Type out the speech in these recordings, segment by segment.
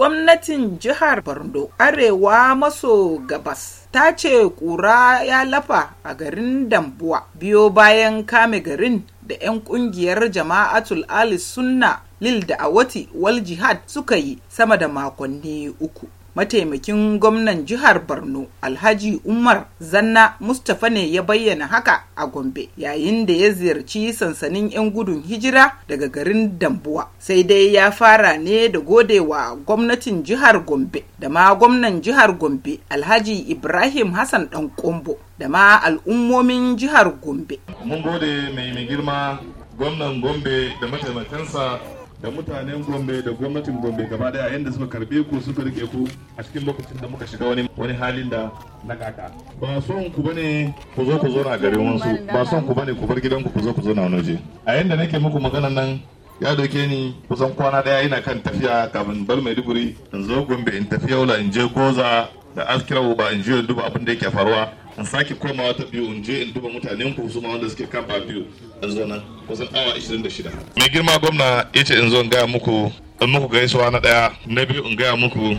gwamnatin jihar borno arewa maso gabas ta ce kura ya lafa a garin dambuwa biyo bayan kame garin da 'yan kungiyar jama'atul ali sunna lil da awati wal jihad suka yi sama da makonni uku mataimakin gwamnan jihar borno alhaji umar zanna mustapha ne ya bayyana haka a gombe yayin da ya ziyarci sansanin 'yan gudun hijira daga garin dambuwa sai dai ya fara ne da godewa gwamnatin jihar gombe da ma gwamnan jihar gombe alhaji ibrahim hassan dan kombo da ma al'ummomin jihar gombe mun gode mai girma gwamnan gombe da mataimakansa da mutanen gombe da gwamnatin gombe gaba daya yadda suka karbe ku suka rike ku a cikin lokacin da muka shiga wani wani halin da na kaka ba son ku bane ku zo ku zo na garin wansu ba son ku bane ku bar gidanku ku zo ku zo na wani waje a yadda nake muku magana nan ya doke ni kusan kwana daya yana kan tafiya kafin bar maiduguri in zo gombe in tafi yaula in je goza da askira ba in je duba abin da yake faruwa in sake komawa ta biyu in je in duba mutanen ku su ma wanda suke kan ba biyu in zo nan kusan awa 26 mai girma gwamna ya ce in zo in gaya muku in muku gaisuwa na daya na biyu in gaya muku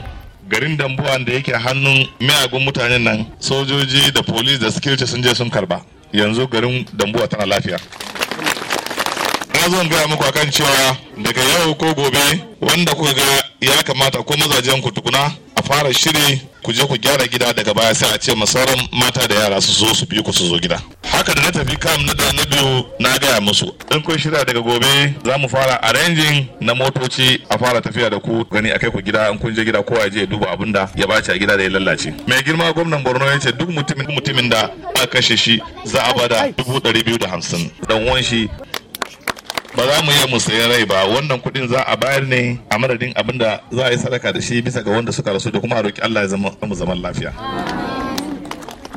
garin dambuwa da yake hannun miyagun mutanen nan sojoji da polis da sikilci sun je sun karba yanzu garin dambuwa tana lafiya amma zan gaya muku akan cewa daga yau ko gobe wanda kuka ga ya kamata ko mazajen ku tukuna a fara shiri ku je ku gyara gida daga baya sai a ce sauran mata da yara su zo su bi ku su zo gida haka da na tafi kam na da na biyu na gaya musu in kun shirya daga gobe za mu fara arranging na motoci a fara tafiya da ku gani a kai ku gida in kun je gida kowa ya je ya duba abin da ya bace a gida da ya lallace mai girma gwamnan borno ya ce duk mutumin mutumin da aka kashe shi za a bada dubu ɗari biyu da hamsin dan wanshi ba za mu iya mu sayi rai ba wannan kuɗin za a bayar ne a madadin abin da za a yi sadaka da shi bisa ga wanda suka rasu da kuma a roki Allah ya zama mu zaman lafiya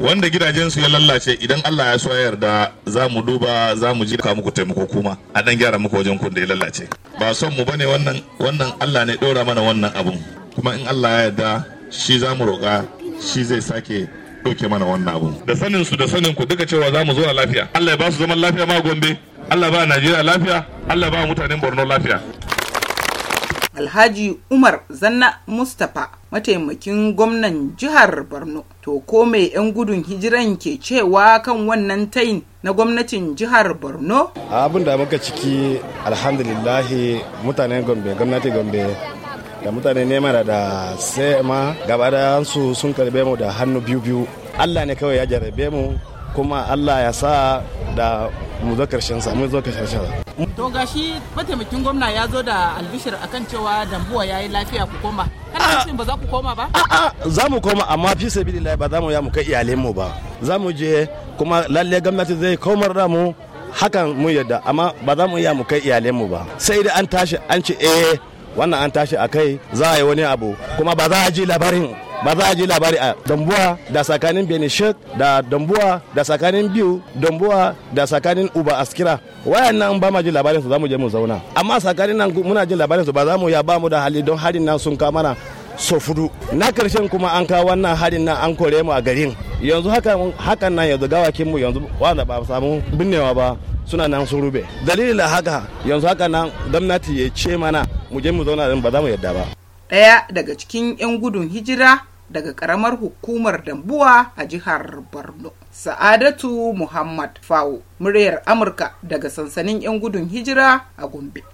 wanda gidajen su ya lallace idan Allah ya so ya yarda za mu duba za mu ji muku taimako kuma a dan gyara muku wajen kun da ya lallace ba son mu bane wannan wannan Allah ne dora mana wannan abun kuma in Allah ya yarda shi za mu roƙa shi zai sake ɗauke mana wannan abun da sanin su da sanin ku duka cewa za mu zo lafiya Allah ya ba su zaman lafiya ma Gombe Allah ba Najeriya lafiya Allah ba mutanen Borno lafiya Alhaji Umar Zanna Mustapha mataimakin gwamnan jihar Borno to ko mai 'yan gudun hijiran ke cewa kan wannan tayin na gwamnatin jihar Borno? Abin da muka ciki alhamdulillahi mutanen Gombe gwamnati Gombe da mutane nema da sai ma gaba su sun karbe mu da hannu biyu biyu Allah ne kawai ya jarabe mu kuma Allah ya sa da mu zo karshen sa mu zo karshen sa to gashi mataimakin gwamna ya zo da albishir akan cewa dambuwa yayi lafiya ku koma kana ah! ba za ku koma ba a'a za mu koma amma fi sabilillahi ba za mu ya mu kai iyalen mu ba za mu je kuma lalle gwamnati zai komar da mu hakan mun yadda amma ba za mu iya mu kai iyalen mu ba sai da an tashi an ce eh wannan an tashi a kai za a yi wani abu kuma ba za a ji labarin ba za a ji labari a dambuwa da tsakanin benishek da dambuwa da tsakanin biyu dambuwa da tsakanin uba askira wayan nan ba ma ji labarin su za mu je mu zauna amma tsakanin nan muna ji labarin su ba za mu ya ba mu da hali don harin nan sun na so fudu na karshen kuma an kawo wannan harin nan an kore mu a garin yanzu hakan nan yanzu gawakin mu yanzu wanda ba samu binnewa ba suna nan sun rube dalilin da haka yanzu haka nan gwamnati ya ce mana mu je mu zauna ba za mu yadda ba daya daga cikin yan gudun hijira daga karamar hukumar dambuwa a jihar borno sa'adatu muhammad fawo muryar amurka daga sansanin 'yan gudun hijira a gombe